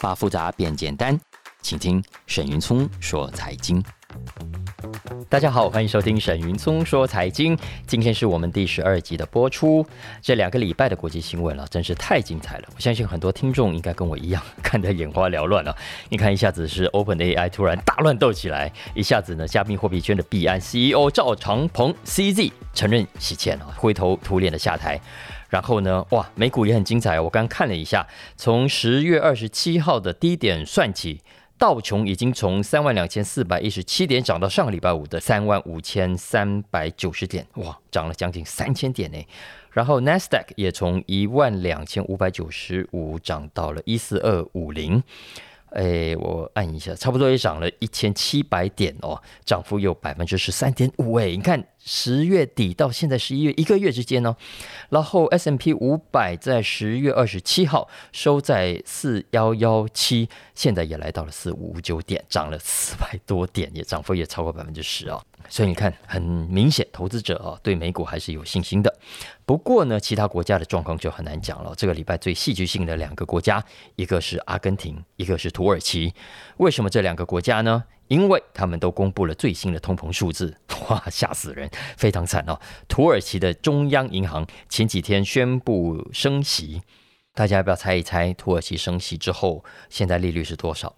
把複雜變簡單，請聽沈雲聰說財經。大家好，歡迎收聽沈雲聰說財經。今天是我們第十二集的播出，這兩個禮拜的國際新聞啊，真是太精彩了。我相信很多聽眾應該跟我一樣看得眼花繚亂了啊。你看，一下子是 OpenAI 突然大亂鬥起來，一下子呢，加密貨幣圈的幣安 CEO 趙長鵬 CZ 承認洗錢啊，灰頭土臉的下台。然後呢？哇，美股也很精彩。我剛看了一下，從十月二十七號的低點算起，道瓊已經從三萬兩千四百一十七點漲到上個禮拜五的三萬五千三百九十點，哇，漲了將近三千點誒。然後 NASDAQ 也從一萬兩千五百九十五漲到了一四二五零，哎，我按一下，差不多也漲了一千七百點哦，漲幅有百分之十三點五。哎，你看。十月底到現在十一月一個月之間呢、哦，然後 S&P 五百在十月二十七號收在四幺幺七，現在也來到了四五五九點，漲了四百多點，也漲幅也超過百分之十啊。哦、所以你看，很明顯投資者啊、哦、對美股還是有信心的。不過呢，其他國家的狀況就很難講了。這個禮拜最戲劇性的兩個國家，一個是阿根廷，一個是土耳其。為什麼這兩個國家呢？因為他們都公布了最新的通膨數字，哇，嚇死人，非常慘哦！土耳其的中央銀行前幾天宣布升息，大家要不要猜一猜？土耳其升息之後，現在利率是多少？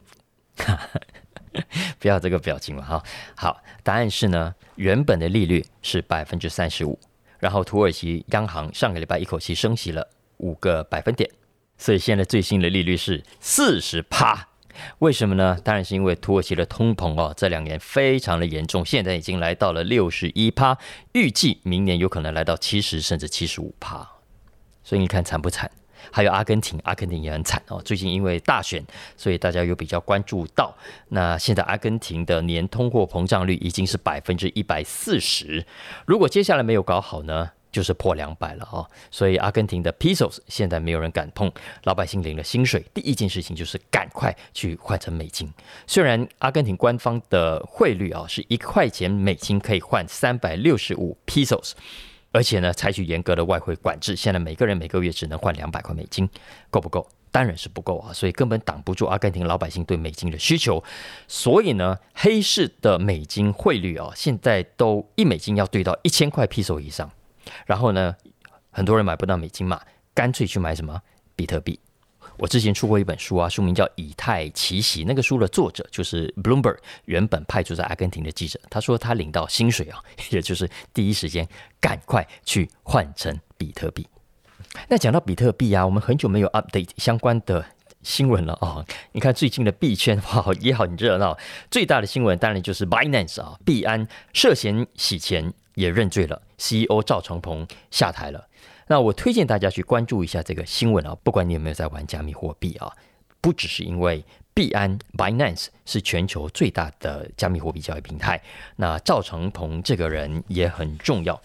不要這個表情了哈。好，答案是呢，原本的利率是百分之三十五，然後土耳其央行上個禮拜一口氣升息了五個百分點，所以現在最新的利率是四十趴。為什麼呢？當然是因為土耳其的通膨哦，這兩年非常的嚴重，現在已經來到了六十一趴，預計明年有可能來到七十甚至七十五趴，所以你看慘不慘？還有阿根廷，阿根廷也很慘哦。最近因為大選，所以大家有比較關注到，那現在阿根廷的年通貨膨脹率已經是百分之一百四十，如果接下來沒有搞好呢？就是破兩百了啊、哦，所以阿根廷的 pesos 現在沒有人敢碰，老百姓領了薪水，第一件事情就是趕快去換成美金。雖然阿根廷官方的匯率啊是一塊錢美金可以換三百六十五 pesos，而且呢採取嚴格的外匯管制，現在每個人每個月只能換兩百塊美金，夠不夠？當然是不夠啊，所以根本擋不住阿根廷老百姓對美金的需求。所以呢，黑市的美金匯率啊，現在都一美金要兌到一千塊 pesos 以上。然後呢，很多人買不到美金嘛，乾脆去買什麼比特幣。我之前出過一本書啊，書名叫《以太奇襲》，那個書的作者就是 Bloomberg，原本派駐在阿根廷的記者。他說他領到薪水啊，也就是第一時間趕快去換成比特幣。那講到比特幣啊，我們很久沒有 update 相關的新聞了啊、哦。你看最近的幣圈哇，也很熱鬧。最大的新聞當然就是 Binance 啊、哦，幣安涉嫌洗錢也認罪了。CEO 趙長鵬下台了。那我推薦大家去關注一下這個新聞啊！不管你有沒有在玩加密貨幣啊，不只是因為幣安 （Binance） 是全球最大的加密貨幣交易平台，那趙長鵬這個人也很重要。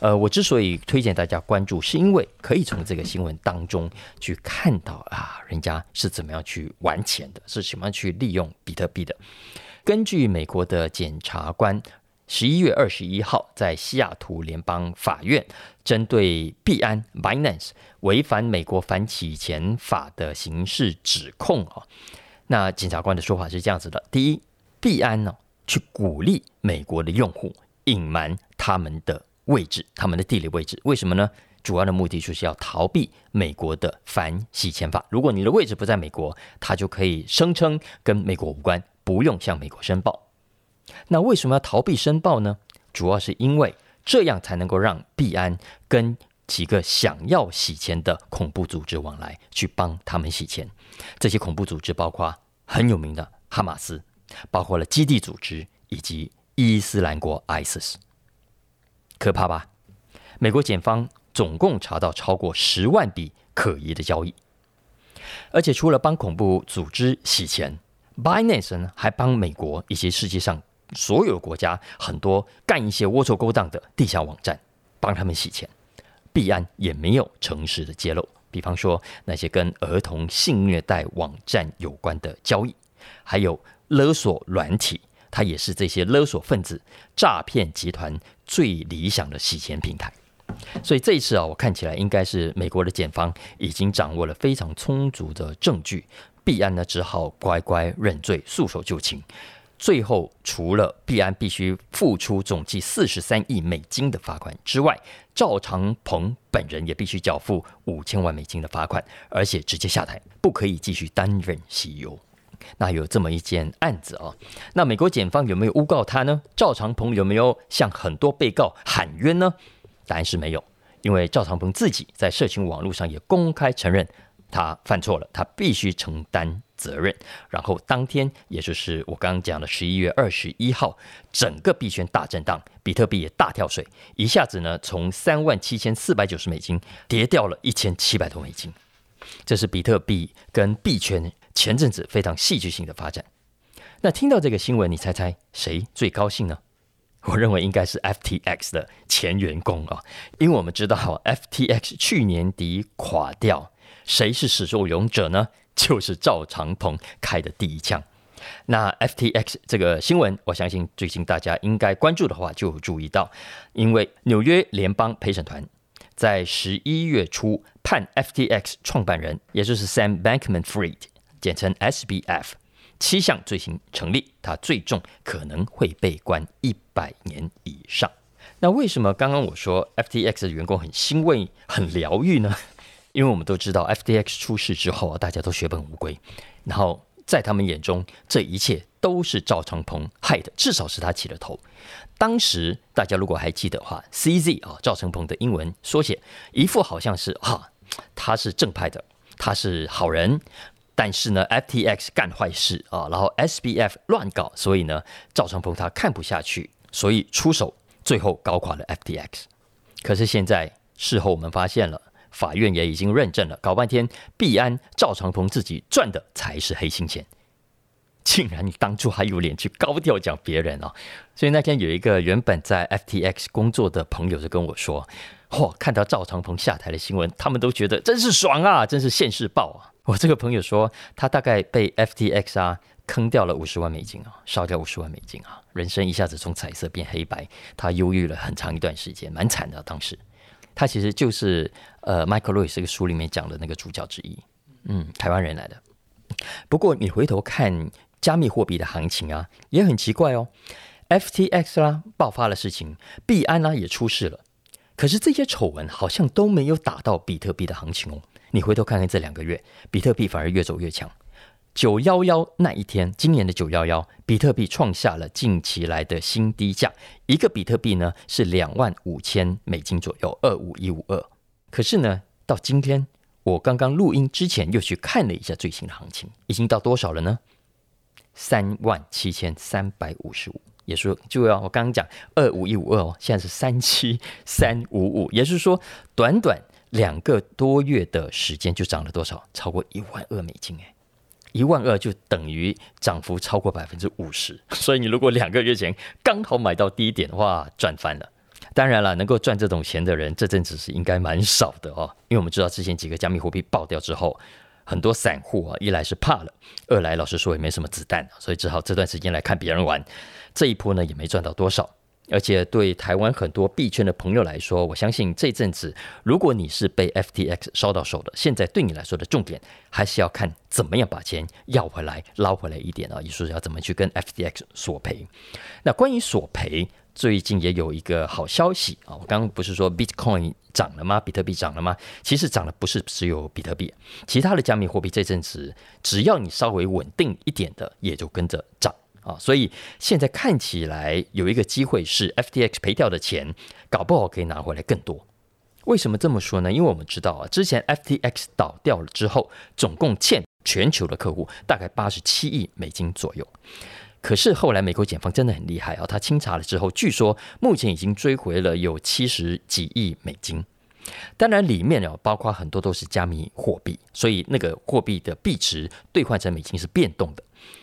呃，我之所以推薦大家關注，是因為可以從這個新聞當中去看到啊，人家是怎麼樣去玩錢的，是怎麼樣去利用比特幣的。根據美國的檢察官。十一月二十一號，在西雅圖聯邦法院，針對幣安 （Binance） 違反美國反洗錢法的刑事指控啊，那檢察官的說法是這樣子的：第一，幣安呢去鼓勵美國的用戶隱瞞他們的位置、他們的地理位置，為什麼呢？主要的目的就是要逃避美國的反洗錢法。如果你的位置不在美國，他就可以聲稱跟美國無關，不用向美國申報。那為什麼要逃避申報呢？主要是因為這樣才能夠讓幣安跟幾個想要洗錢的恐怖組織往來，去幫他們洗錢。這些恐怖組織包括很有名的哈馬斯，包括了基地組織以及伊斯蘭國 （ISIS）。可怕吧？美國檢方總共查到超過十萬筆可疑的交易，而且除了幫恐怖組織洗錢，Binance 還幫美國以及世界上所有的國家很多幹一些齷齪勾當的地下網站，幫他們洗錢。幣安也沒有誠實的揭露，比方說那些跟兒童性虐待網站有關的交易，還有勒索軟體，它也是這些勒索分子詐騙集團最理想的洗錢平台。所以這一次啊，我看起來應該是美國的檢方已經掌握了非常充足的證據，幣安呢只好乖乖認罪，束手就擒。最後，除了幣安必須付出總計四十三億美金的罰款之外，趙長鵬本人也必須繳付五千萬美金的罰款，而且直接下台，不可以繼續擔任 CEO。那有這麼一件案子啊、哦？那美國檢方有沒有誣告他呢？趙長鵬有沒有向很多被告喊冤呢？答案是沒有，因為趙長鵬自己在社群網絡上也公開承認他犯錯了，他必須承擔責任，然後當天，也就是我剛剛講的十一月二十一號，整個幣圈大震盪，比特幣也大跳水，一下子呢從三萬七千四百九十美金跌掉了一千七百多美金。這是比特幣跟幣圈前陣子非常戲劇性的發展。那聽到這個新聞，你猜猜誰最高興呢？我認為應該是 FTX 的前員工啊，因為我們知道 FTX 去年底垮掉，誰是始作俑者呢？就是趙長鵬開的第一槍。那 FTX 這個新聞，我相信最近大家應該關注的話，就注意到，因為紐約聯邦陪審團在十一月初判 FTX 創辦人，也就是 Sam Bankman-Fried，簡稱 SBF，七項罪行成立，他最重可能會被關一百年以上。那為什麼剛剛我說 FTX 的員工很欣慰、很療癒呢？因為我們都知道，FTX 出事之後、啊，大家都血本無歸。然後在他們眼中，這一切都是趙長鵬害的，至少是他起了頭。當時大家如果還記得話，CZ 啊，趙長鵬的英文縮寫，一副好像是哈、啊，他是正派的，他是好人。但是呢，FTX 幹壞事啊，然後 SBF 亂搞，所以呢，趙長鵬他看不下去，所以出手，最後搞垮了 FTX。可是現在事後我們發現了。法院也已經認證了，搞半天，幣安趙長鵬自己賺的才是黑心錢，竟然你當初還有臉去高調講別人哦、啊！所以那天有一個原本在 FTX 工作的朋友就跟我說：“嚯，看到趙長鵬下台的新聞，他們都覺得真是爽啊，真是現世報啊！”我這個朋友說，他大概被 FTX 啊坑掉了五十萬美金啊，燒掉五十萬美金啊，人生一下子從彩色變黑白，他憂鬱了很長一段時間，蠻慘的、啊。當時他其實就是。呃，Michael Lewis 這個書裡面講的那個主角之一，嗯，台灣人來的。不過你回頭看加密貨幣的行情啊，也很奇怪哦。FTX 啦爆發了事情，幣安呢也出事了，可是這些醜聞好像都沒有打到比特幣的行情哦。你回頭看看這兩個月，比特幣反而越走越強。九一一那一天，今年的九一一，比特幣創下了近期來的新低價，一個比特幣呢是兩萬五千美金左右，二五一五二。可是呢，到今天我剛剛錄音之前又去看了一下最新的行情，已經到多少了呢？三萬七千三百五十五，也、就是就要、哦、我剛剛講二五一五二哦，現在是三七三五五，也就是說短短兩個多月的時間就漲了多少？超過一萬二美金誒、欸，一萬二就等於漲幅超過百分之五十。所以你如果兩個月前剛好買到低點的話，賺翻了。當然了，能夠賺這種錢的人，這陣子是應該蠻少的哦。因為我們知道之前幾個加密貨幣爆掉之後，很多散戶啊，一來是怕了，二來老實說也沒什麼子彈，所以只好這段時間來看別人玩。這一波呢，也沒賺到多少，而且對台灣很多幣圈的朋友來說，我相信這陣子如果你是被 FTX 燒到手的，現在對你來說的重點還是要看怎麼樣把錢要回來、撈回來一點啊！也就是要怎麼去跟 FTX 索賠？那關於索賠。最近也有一個好消息啊！我剛剛不是說 Bitcoin 漲了嗎？比特幣漲了嗎？其實漲的不是只有比特幣，其他的加密貨幣這陣子，只要你稍微穩定一點的，也就跟着漲啊！所以現在看起來有一個機會是 FTX 賠掉的錢，搞不好可以拿回來更多。為什麼這麼說呢？因為我們知道啊，之前 FTX 倒掉了之後，總共欠全球的客戶大概八十七億美金左右。可是後來，美國檢方真的很厲害啊！他清查了之後，據說目前已經追回了有七十幾億美金。當然，裡面啊包括很多都是加密貨幣，所以那個貨幣的幣值兌換成美金是變動的。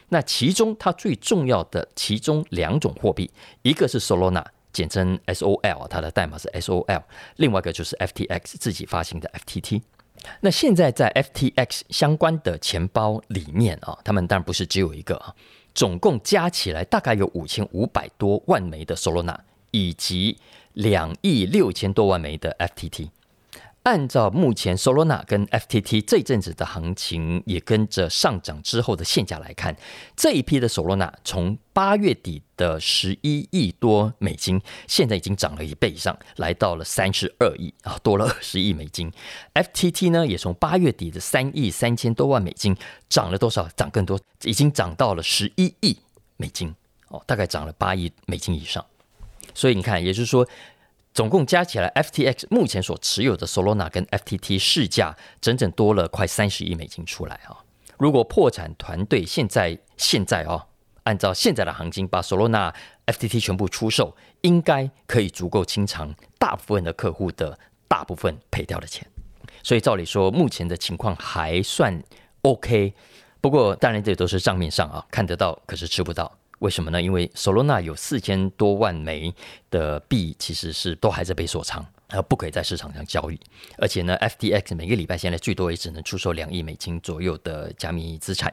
那其中它最重要的其中兩種貨幣，一個是 Solana，簡稱 SOL，它的代碼是 SOL，另外一個就是 FTX 自己發行的 FTT。那現在在 FTX 相關的錢包裡面啊，他們當然不是只有一個啊。總共加起來大概有五千五百多萬枚的 Solana，以及兩億六千多萬枚的 FTT。按照目前 Solana 跟 FTT 這陣子的行情，也跟着上漲之後的現價來看，這一批的 Solana 從八月底的十一億多美金，現在已經漲了一倍以上，來到了三十二億啊，多了二十億美金。FTT 呢，也從八月底的三億三千多萬美金，漲了多少？漲更多，已經漲到了十一億美金哦，大概漲了八億美金以上。所以你看，也就是說。總共加起來，FTX 目前所持有的 Solana 跟 FTT 市價整整多了快三十億美金出來啊、哦！如果破產團隊現在現在哦，按照現在的行情把 Solana FTT 全部出售，應該可以足夠清償大部分的客戶的大部分賠掉的錢。所以照理說，目前的情況還算 OK。不過當然，這都是賬面上啊，看得到，可是吃不到。為什麼呢？因為 Solana 有四千多萬枚的幣，其實是都還在被鎖倉，而不可以在市場上交易。而且呢，FTX 每個禮拜現在最多也只能出售兩億美金左右的加密資產。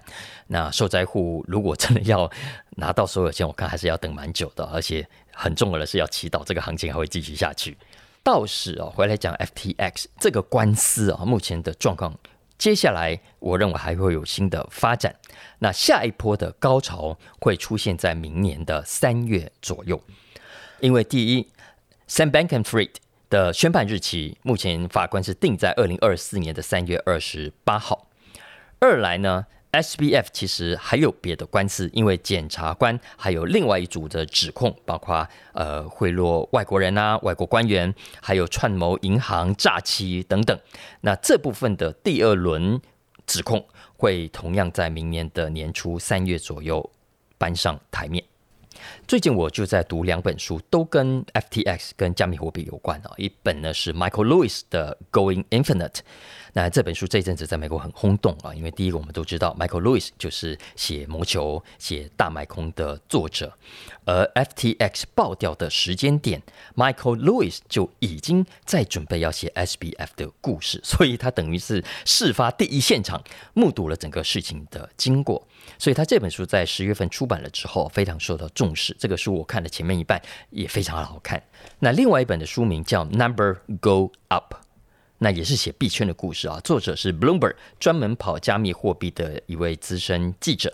那受災戶如果真的要拿到所有錢，我看還是要等蠻久的。而且很重要的是要祈禱這個行情還會繼續下去。倒是哦，回來講 FTX 這個官司啊、哦，目前的狀況。接下來，我認為還會有新的發展。那下一波的高潮會出現在明年的三月左右，因為第一，Sam Bankman-Fried 的宣判日期，目前法官是定在二零二四年的三月二十八號。二來呢，SBF 其實還有別的官司，因為檢察官還有另外一組的指控，包括呃賄賂外國人啊、外國官員，還有串謀銀行詐欺等等。那這部分的第二輪指控會同樣在明年的年初三月左右搬上台面。最近我就在讀兩本書，都跟 FTX 跟加密貨幣有關啊。一本呢是 Michael Lewis 的《Going Infinite》，那這本書這一陣子在美國很轟動啊。因為第一個我們都知道，Michael Lewis 就是寫《魔球》、寫《大賣空》的作者，而 FTX 爆掉的時間點，Michael Lewis 就已經在準備要寫 SBF 的故事，所以他等於是事發第一現場，目睹了整個事情的經過。所以他這本書在十月份出版了之後，非常受到重視。這個書我看的前面一半，也非常好看。那另外一本的書名叫《Number Go Up》，那也是寫幣圈的故事啊。作者是 Bloomberg，專門跑加密貨幣的一位資深記者。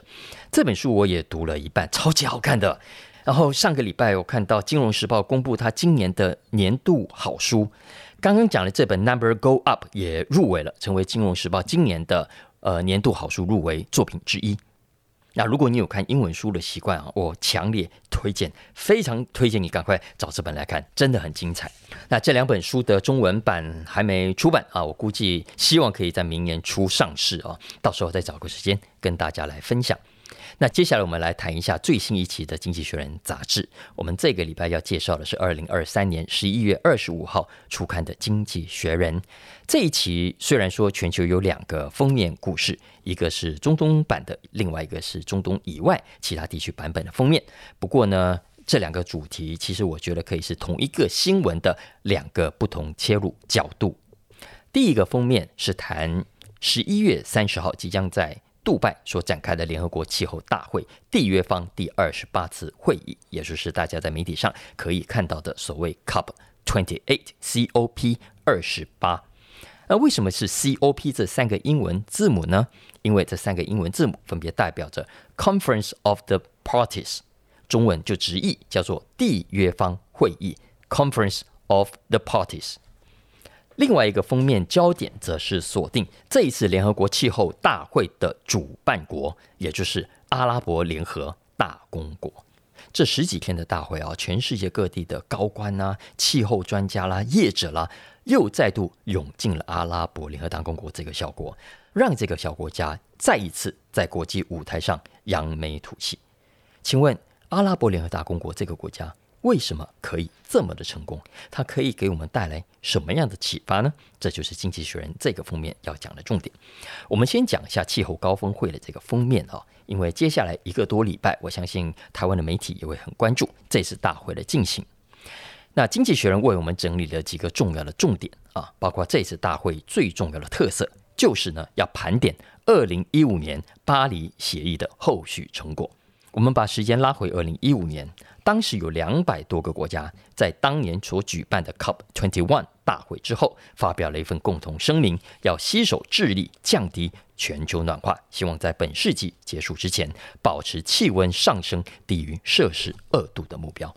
這本書我也讀了一半，超級好看的。然後上個禮拜我看到《金融時報》公布他今年的年度好書，剛剛講的這本《Number Go Up》也入圍了，成為《金融時報》今年的呃年度好書入圍作品之一。那如果你有看英文書的習慣啊，我強烈推薦，非常推薦你趕快找這本來看，真的很精彩。那這兩本書的中文版還沒出版啊，我估計希望可以在明年初上市啊，到時候再找個時間跟大家來分享。那接下來我們來談一下最新一期的《經濟學人》雜誌。我們這個禮拜要介紹的是二零二三年十一月二十五號出刊的《經濟學人》。這一期雖然說全球有兩個封面故事，一個是中東版的，另外一個是中東以外其他地區版本的封面。不過呢，這兩個主題其實我覺得可以是同一個新聞的兩個不同切入角度。第一個封面是談十一月三十號即將在杜拜所展開的聯合國氣候大會締約方第二十八次會議，也就是大家在媒體上可以看到的所謂 COP28，COP 二十八。那為什麼是 COP 這三個英文字母呢？因為這三個英文字母分別代表着 Conference of the Parties，中文就直譯叫做締約方會議 Conference of the Parties。另外一個封面焦點則是鎖定這一次聯合國氣候大會的主辦國，也就是阿拉伯聯合大公國。這十幾天的大會啊，全世界各地的高官吶、啊、氣候專家啦、啊、業者啦、啊，又再度湧進了阿拉伯聯合大公國這個小國，讓這個小國家再一次在國際舞台上揚眉吐氣。請問，阿拉伯聯合大公國這個國家？為什麼可以這麼的成功？它可以給我們帶來什麼樣的啟發呢？這就是《經濟學人》這個封面要講的重點。我們先講一下氣候高峰會的這個封面啊、哦，因為接下來一個多禮拜，我相信台灣的媒體也會很關注這次大會的進行。那《經濟學人》為我們整理了幾個重要的重點啊，包括這次大會最重要的特色，就是呢要盤點二零一五年巴黎協議的後續成果。我們把時間拉回二零一五年，當時有兩百多個國家在當年所舉辦的 COP Twenty One 大會之後，發表了一份共同聲明，要攜手致力降低全球暖化，希望在本世紀結束之前，保持氣溫上升低於攝氏二度的目標。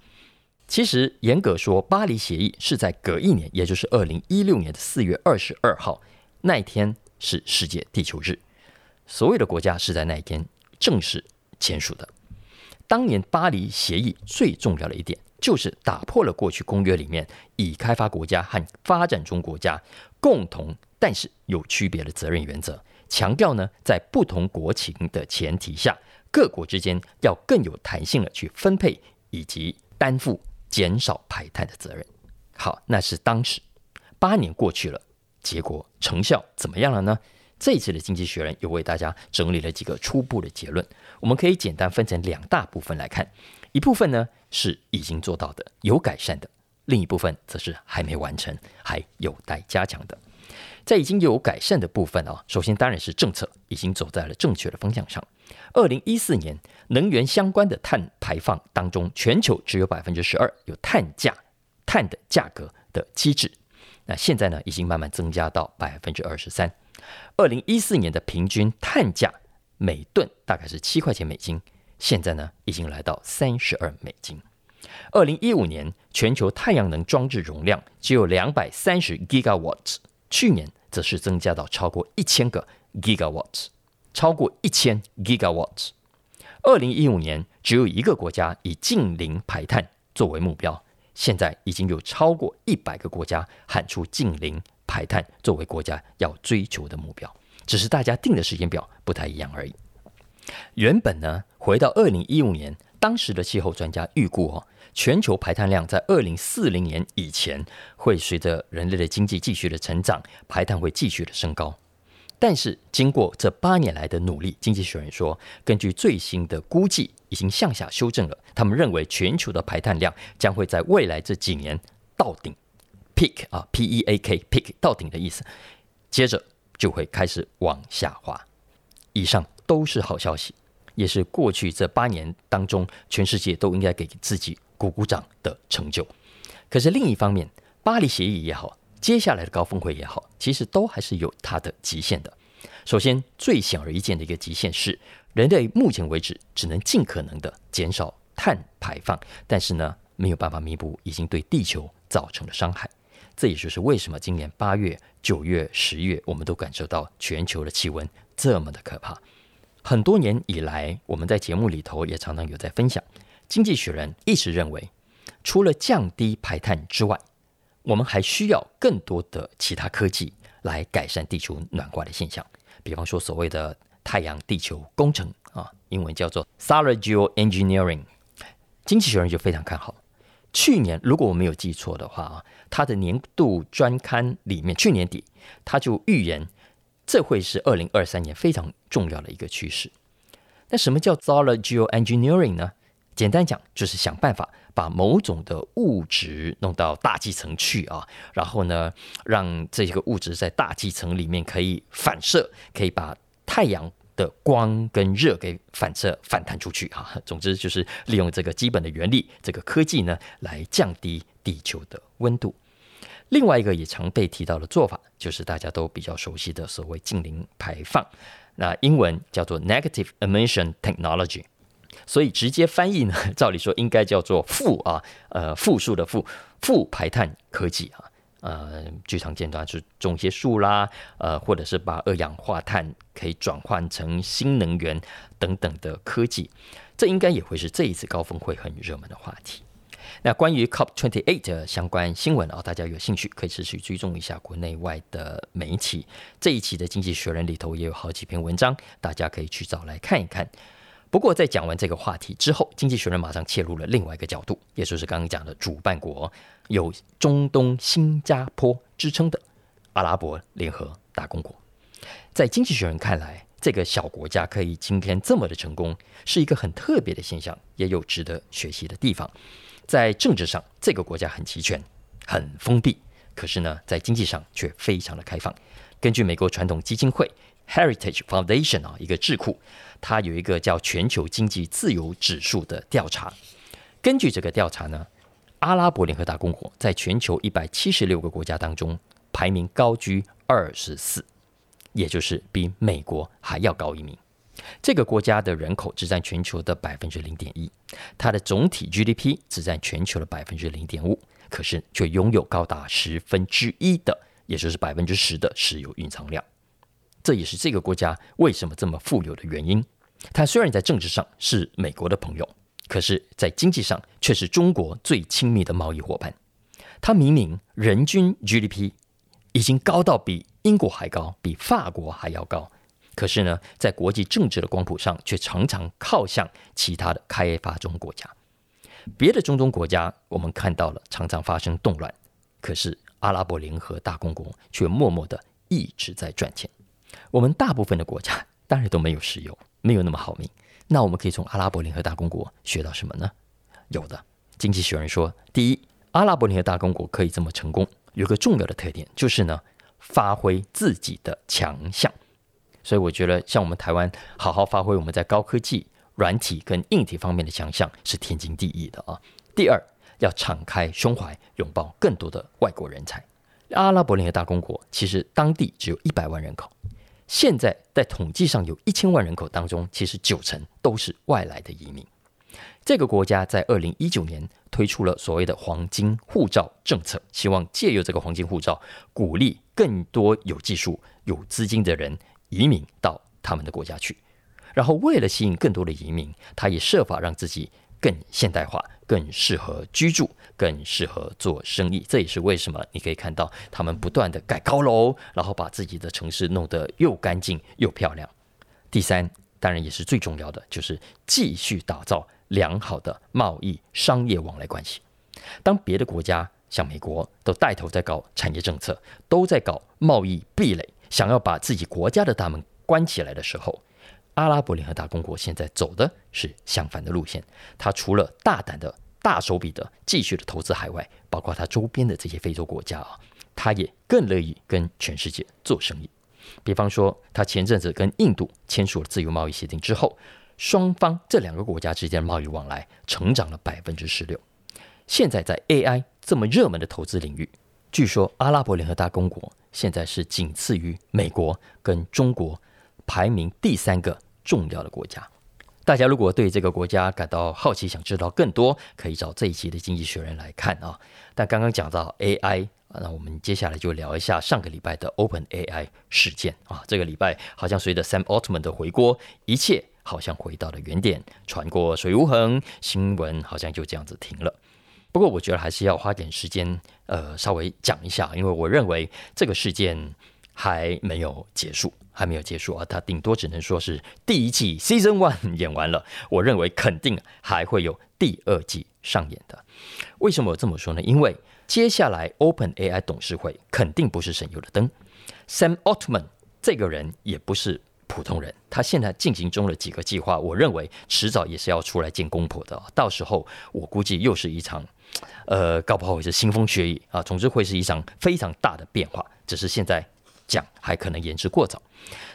其實嚴格說，巴黎協議是在隔一年，也就是二零一六年的四月二十二號，那一天是世界地球日，所有的國家是在那一天正式簽署的。當年巴黎協議最重要的一點，就是打破了過去公約裡面已開發國家和發展中國家共同但是有區別的責任原則，強調呢在不同國情的前提下，各國之間要更有彈性的去分配以及擔負減少排碳的責任。好，那是當時，八年過去了，結果成效怎麼樣了呢？這一次的《經濟學人》又為大家整理了幾個初步的結論。我們可以簡單分成兩大部分來看，一部分呢是已經做到的、有改善的，另一部分則是還沒完成、還有待加強的。在已經有改善的部分啊，首先當然是政策已經走在了正確的方向上。二零一四年能源相關的碳排放當中，全球只有百分之十二有碳價、碳的價格的機制，那現在呢已經慢慢增加到百分之二十三。二零一四年的平均碳價，每噸大概是七塊錢美金，現在呢已經來到三十二美金。二零一五年全球太陽能裝置容量只有兩百三十吉瓦瓦特，去年則是增加到超過一千個吉瓦瓦特，超過一千吉瓦瓦特。二零一五年只有一個國家以淨零排碳作為目標，現在已經有超過一百個國家喊出淨零排碳作為國家要追求的目標。只是大家定的時間表不太一樣而已。原本呢，回到二零一五年，當時的氣候專家預估哦，全球排碳量在二零四零年以前會隨着人類的經濟繼續的成長，排碳會繼續的升高。但是經過這八年來的努力，經濟學人說，根據最新的估計，已經向下修正了。他們認為全球的排碳量將會在未來這幾年到頂，peak 啊，P-E-A-K peak 到頂的意思，接着，就會開始往下滑。以上都是好消息，也是過去這八年當中全世界都應該給自己鼓鼓掌的成就。可是另一方面，巴黎協議也好，接下來的高峰會也好，其實都還是有它的極限的。首先，最顯而易見的一個極限是，人類目前為止只能盡可能的減少碳排放，但是呢，沒有辦法彌補已經對地球造成的傷害。這也就是為什麼今年八月、九月、十月，我們都感受到全球的氣溫這麼的可怕。很多年以來，我們在節目裡頭也常常有在分享，經濟學人一直認為，除了降低排碳之外，我們還需要更多的其他科技來改善地球暖化的現象。比方說，所謂的太陽地球工程啊，英文叫做 Solar Geoengineering，經濟學人就非常看好。去年，如果我沒有記錯的話啊，他的年度專刊裡面，去年底他就預言，這會是二零二三年非常重要的一個趨勢。那什麼叫 Solar Geoengineering 呢？簡單講，就是想辦法把某種的物質弄到大氣層去啊，然後呢，讓這個物質在大氣層裡面可以反射，可以把太陽。的光跟熱給反射反彈出去啊，總之就是利用這個基本的原理，這個科技呢，來降低地球的溫度。另外一個也常被提到的做法，就是大家都比較熟悉的所謂淨零排放，那英文叫做 Negative Emission Technology，所以直接翻譯呢，照理說應該叫做負啊，呃負數的負負排碳科技啊。呃，最常見的就是種一些樹啦，呃，或者是把二氧化碳可以轉換成新能源等等的科技，這應該也會是這一次高峰會很熱門的話題。那關於 COP twenty eight 的相關新聞啊、哦，大家有興趣可以持續追蹤一下國內外的媒體。這一期的《經濟學人》裡頭也有好幾篇文章，大家可以去找來看一看。不過，在講完這個話題之後，經濟學人馬上切入了另外一個角度，也就是剛剛講的主辦國有中東新加坡之稱的阿拉伯聯合大公國。在經濟學人看來，這個小國家可以今天這麼的成功，是一個很特別的現象，也有值得學習的地方。在政治上，這個國家很極權、很封閉，可是呢，在經濟上卻非常的開放。根據美國傳統基金會。Heritage Foundation 啊，一個智庫，它有一個叫全球經濟自由指數的調查。根據這個調查呢，阿拉伯聯合大公國在全球一百七十六個國家當中排名高居二十四，也就是比美國還要高一名。這個國家的人口只佔全球的百分之零點一，它的總體 GDP 只佔全球的百分之零點五，可是卻擁有高達十分之一的，也就是百分之十的石油蘊藏量。這也是這個國家為什麼這麼富有的原因。它雖然在政治上是美國的朋友，可是在經濟上卻是中國最親密的貿易伙伴。它明明人均 GDP 已經高到比英國還高，比法國還要高，可是呢，在國際政治的光譜上卻常常靠向其他的開發中國家。別的中東國家我們看到了常常發生動亂，可是阿拉伯聯合大公國卻默默的一直在賺錢。我們大部分的國家當然都沒有石油，沒有那麼好命。那我們可以從阿拉伯聯合大公國學到什麼呢？有的經濟學人說，第一，阿拉伯聯合大公國可以這麼成功，有個重要的特點就是呢，發揮自己的強項。所以我覺得，像我們台灣，好好發揮我們在高科技、軟體跟硬體方面的強項，是天經地義的啊。第二，要敞開胸懷，擁抱更多的外國人才。阿拉伯聯合大公國其實當地只有一百萬人口。現在在統計上，有一千萬人口當中，其實九成都是外來的移民。這個國家在二零一九年推出了所謂的黃金護照政策，希望借由這個黃金護照，鼓勵更多有技術、有資金的人移民到他們的國家去。然後，為了吸引更多的移民，他也設法讓自己更現代化。更適合居住，更適合做生意，這也是為什麼你可以看到他們不斷的蓋高樓，然後把自己的城市弄得又乾淨又漂亮。第三，當然也是最重要的，就是繼續打造良好的貿易、商業往來關係。當別的國家像美國都帶頭在搞產業政策，都在搞貿易壁壘，想要把自己國家的大門關起來的時候，阿拉伯聯合大公國現在走的是相反的路線，它除了大膽的大手筆的繼續的投資海外，包括他周邊的這些非洲國家啊，他也更樂意跟全世界做生意。比方說，他前陣子跟印度簽署了自由貿易協定之後，雙方這兩個國家之間的貿易往來成長了百分之十六。現在在 AI 這麼熱門的投資領域，據說阿拉伯聯合大公國現在是僅次於美國跟中國，排名第三個重要的國家。大家如果對這個國家感到好奇，想知道更多，可以找這一期的《經濟學人》來看啊。但剛剛講到 AI，那我們接下來就聊一下上個禮拜的 OpenAI 事件啊。這個禮拜好像隨着 Sam Altman 的回鍋，一切好像回到了原點，船過水無痕，新聞好像就這樣子停了。不過我覺得還是要花點時間，呃，稍微講一下，因為我認為這個事件還沒有結束。還沒有結束啊！他頂多只能說是第一季 （Season One） 演完了。我認為肯定還會有第二季上演的。為什麼我這麼說呢？因為接下來 OpenAI 董事會肯定不是省油的燈。Sam Altman 這個人也不是普通人，他現在進行中的幾個計劃，我認為遲早也是要出來見公婆的。到時候我估計又是一場，呃，搞不好也是腥風血雨啊。總之會是一場非常大的變化。只是現在。講還可能言之過早。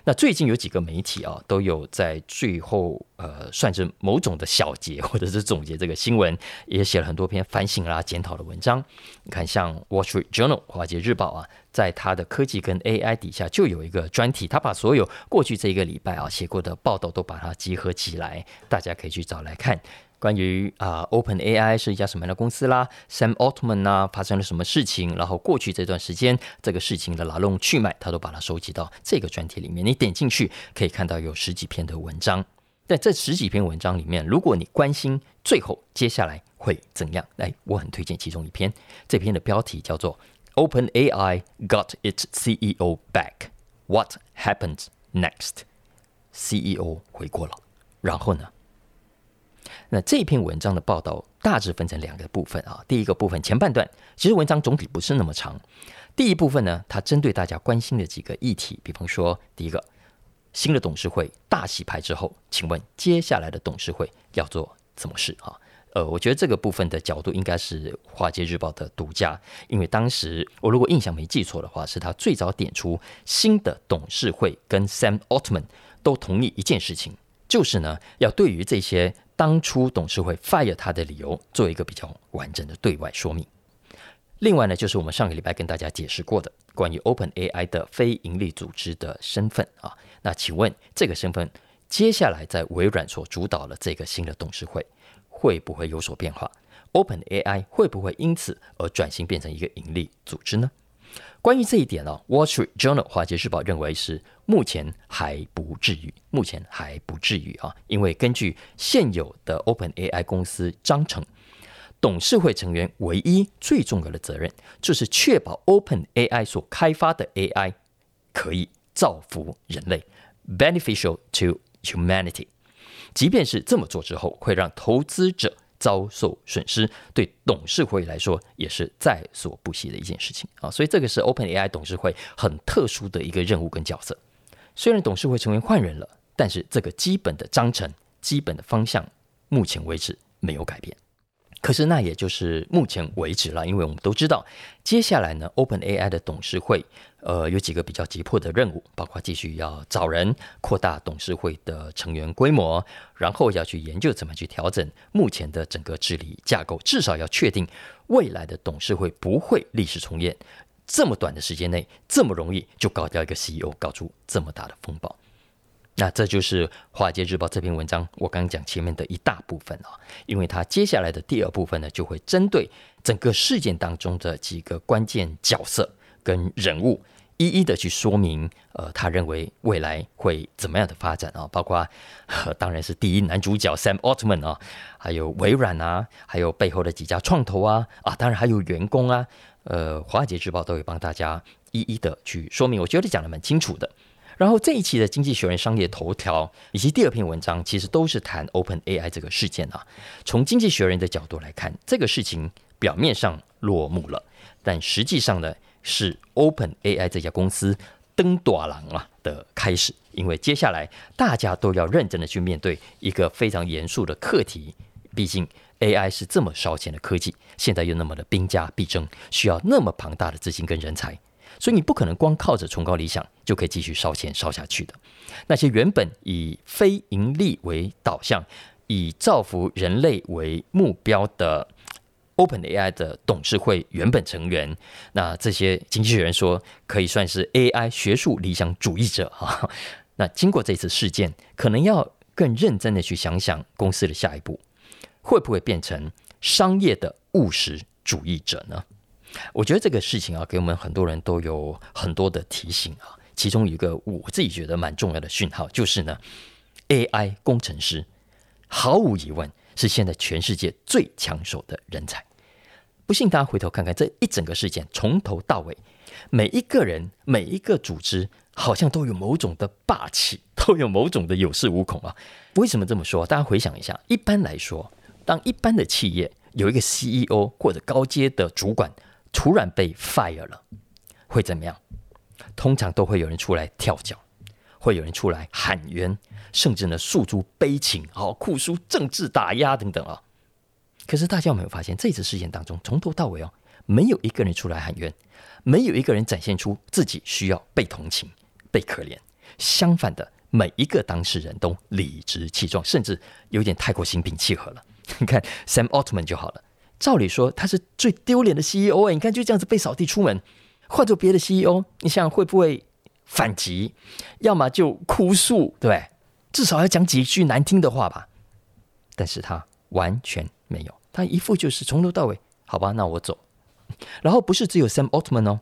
那最近有幾個媒體啊，都有在最後呃，算是某種的小結或者是總結這個新聞，也寫了很多篇反省啦、檢討的文章。你看，像《Wall Street Journal》華爾街日報啊，在它的科技跟 AI 底下就有一個專題，它把所有過去這一個禮拜啊寫過的報道都把它集合起來，大家可以去找來看。關於啊，uh，OpenAI 是一家什麼樣的公司啦？Sam Altman 啊，發生了什麼事情？然後過去這段時間，這個事情的來龍去脈，他都把它收集到這個專題裡面。你點進去可以看到有十幾篇的文章。在這十幾篇文章裡面，如果你關心最後接下來會怎樣，哎，我很推薦其中一篇。這篇的標題叫做 “OpenAI Got Its CEO Back，What Happens Next？”CEO 回鍋了，然後呢？那這篇文章的報道大致分成兩個部分啊。第一個部分前半段，其實文章總體不是那麼長。第一部分呢，它針對大家關心的幾個議題，比方說第一個，新的董事會大洗牌之後，請問接下來的董事會要做什麼事啊？呃，我覺得這個部分的角度應該是《華爾街日報》的獨家，因為當時我如果印象沒記錯的話，是他最早點出新的董事會跟 Sam Altman 都同意一件事情。就是呢，要對於這些當初董事會 fire 他的理由做一個比較完整的對外說明。另外呢，就是我們上個禮拜跟大家解釋過的關於 OpenAI 的非盈利組織的身份啊。那請問這個身份接下來在微軟所主導了這個新的董事會會不會有所變化？OpenAI 會不會因此而轉型變成一個盈利組織呢？關於這一點呢，《Wall Street Journal》華爾街日報認為是目前還不至於，目前還不至於啊，因為根據現有的 OpenAI 公司章程，董事會成員唯一最重要的責任就是確保 OpenAI 所開發的 AI 可以造福人類，beneficial to humanity。即便是這麼做之後，會讓投資者遭受損失，對董事會來說也是在所不惜的一件事情啊！所以這個是 OpenAI 董事會很特殊的一個任務跟角色。雖然董事會成員換人了，但是這個基本的章程、基本的方向，目前為止沒有改變。可是那也就是目前為止了，因為我們都知道，接下來呢，OpenAI 的董事會，呃，有幾個比較急迫的任務，包括繼續要找人，擴大董事會的成員規模，然後要去研究怎麼去調整目前的整個治理架構，至少要確定未來的董事會不會歷史重演。這麼短的時間內，這麼容易就搞掉一個 CEO，搞出這麼大的風暴。那這就是華爾街日報這篇文章，我剛剛講前面的一大部分啊、哦，因為他接下來的第二部分呢，就會針對整個事件當中的幾個關鍵角色跟人物，一一的去說明，呃，他認為未來會怎麼樣的發展啊、哦，包括，當然是第一男主角 Sam Altman 啊、哦，還有微軟啊，還有背後的幾家創投啊，啊，當然還有員工啊，呃，華爾街日報都會幫大家一一的去說明，我覺得講得蠻清楚的。然後這一期的《經濟學人》商業頭條以及第二篇文章，其實都是談 OpenAI 這個事件啊。從《經濟學人》的角度來看，這個事情表面上落幕了，但實際上呢，是 OpenAI 這家公司登大浪啊的開始。因為接下來大家都要認真的去面對一個非常嚴肅的課題，畢竟 AI 是這麼燒錢的科技，現在又那麼的兵家必爭，需要那麼龐大的資金跟人才。所以你不可能光靠着崇高理想就可以繼續燒錢燒下去的。那些原本以非盈利為導向、以造福人類為目標的 OpenAI 的董事會原本成員，那這些經濟學人說可以算是 AI 學術理想主義者哈， 那經過這次事件，可能要更認真的去想想公司的下一步會不會變成商業的務實主義者呢？我覺得這個事情啊，給我們很多人都有很多的提醒啊。其中一個我自己覺得蠻重要的訊號，就是呢，AI 工程師毫無疑問是現在全世界最搶手的人才。不信，大家回頭看看這一整個事件，從頭到尾，每一個人、每一個組織，好像都有某種的霸氣，都有某種的有恃無恐啊。為什麼這麼說？大家回想一下，一般來說，當一般的企業有一個 CEO 或者高階的主管，突然被 fire 了，會怎麼樣？通常都會有人出來跳腳，會有人出來喊冤，甚至呢訴諸悲情，哦，訴諸政治打壓等等啊、哦。可是大家有沒有發現，這次事件當中，從頭到尾哦，沒有一個人出來喊冤，沒有一個人展現出自己需要被同情、被可憐。相反的，每一個當事人都理直氣壯，甚至有點太過心平氣和了。你看 Sam Altman 就好了。照理說，他是最丟臉的 CEO，欸，你看就這樣子被掃地出門。換做別的 CEO，你想會不會反擊？要麼就哭訴，對不對？至少要講幾句難聽的話吧。但是他完全沒有，他一副就是從頭到尾，好吧，那我走。然後不是只有 Sam Altman 哦，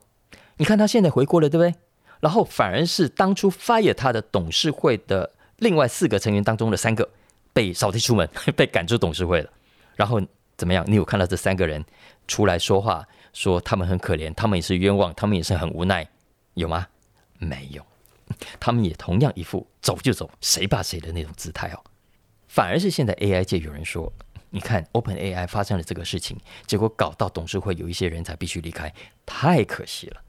你看他現在回鍋了，對不對？然後反而是當初 fire 他的董事會的另外四個成員當中的三個被掃地出門，被趕出董事會了。然後。怎麼樣？你有看到這三個人出來說話，說他們很可憐，他們也是冤枉，他們也是很無奈，有嗎？沒有，他們也同樣一副走就走，誰怕誰的那種姿態哦。反而是現在 AI 界有人說，你看 OpenAI 發生了這個事情，結果搞到董事會有一些人才必須離開，太可惜了。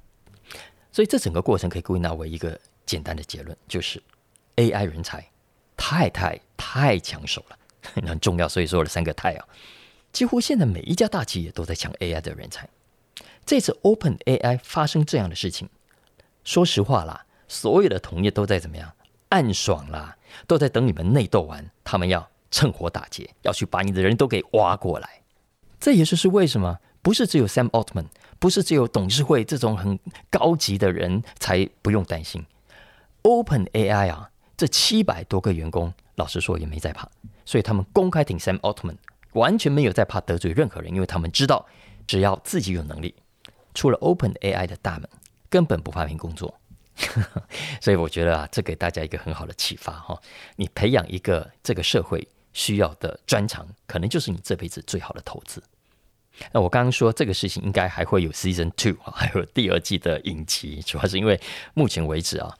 所以這整個過程可以歸納為一個簡單的結論，就是 AI 人才太太太搶手了，很重要。所以說了三個太哦。幾乎現在每一家大企業都在搶 AI 的人才。這次 OpenAI 發生這樣的事情，說實話啦，所有的同業都在怎麼樣暗爽啦，都在等你們內鬥完，他們要趁火打劫，要去把你的人都給挖過來。這也就是為什麼，不是只有 Sam Altman，不是只有董事會這種很高級的人才不用擔心。OpenAI 啊，這七百多個員工，老實說也沒在怕，所以他們公開挺 Sam Altman。完全沒有在怕得罪任何人，因為他們知道，只要自己有能力，出了 OpenAI 的大門，根本不怕沒工作。 所以我覺得啊，這給大家一個很好的啟發哈、哦，你培養一個這個社會需要的專長，可能就是你這輩子最好的投資。那我剛剛說這個事情應該還會有 Season Two，還有第二季的影集，主要是因為目前為止啊。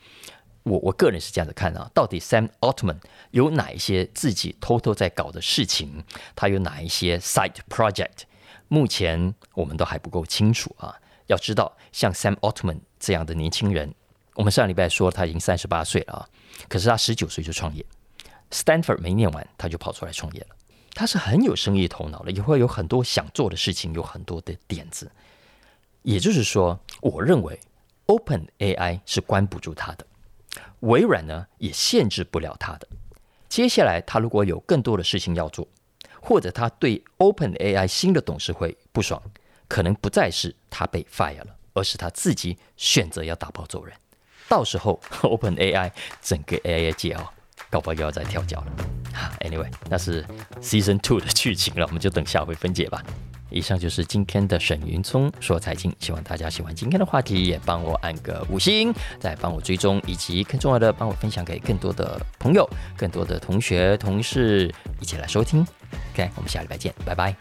我我個人是這樣子看啊，到底 Sam Altman 有哪一些自己偷偷在搞的事情？他有哪一些 side project？目前我們都還不夠清楚啊。要知道，像 Sam Altman 這樣的年輕人，我們上禮拜說他已經三十八歲了啊，可是他十九歲就創業，Stanford 沒念完他就跑出來創業了。他是很有生意頭腦的，也會有很多想做的事情，有很多的點子。也就是說，我認為 OpenAI 是關不住他的。微軟呢，也限制不了他的。接下來他如果有更多的事情要做，或者他對 OpenAI 新的董事會不爽，可能不再是他被 fire 了，而是他自己選擇要打包走人。到時候 OpenAI 整個 AI 界哦，搞不好又要再跳腳了。Anyway，那是 Season Two 的劇情了，我們就等下回分解吧。以上就是今天的沈雲聰說財經，希望大家喜歡今天的話題，也幫我按個五星，再幫我追蹤，以及更重要的，幫我分享給更多的朋友、更多的同學、同事一起來收聽。OK，我們下禮拜見，拜拜。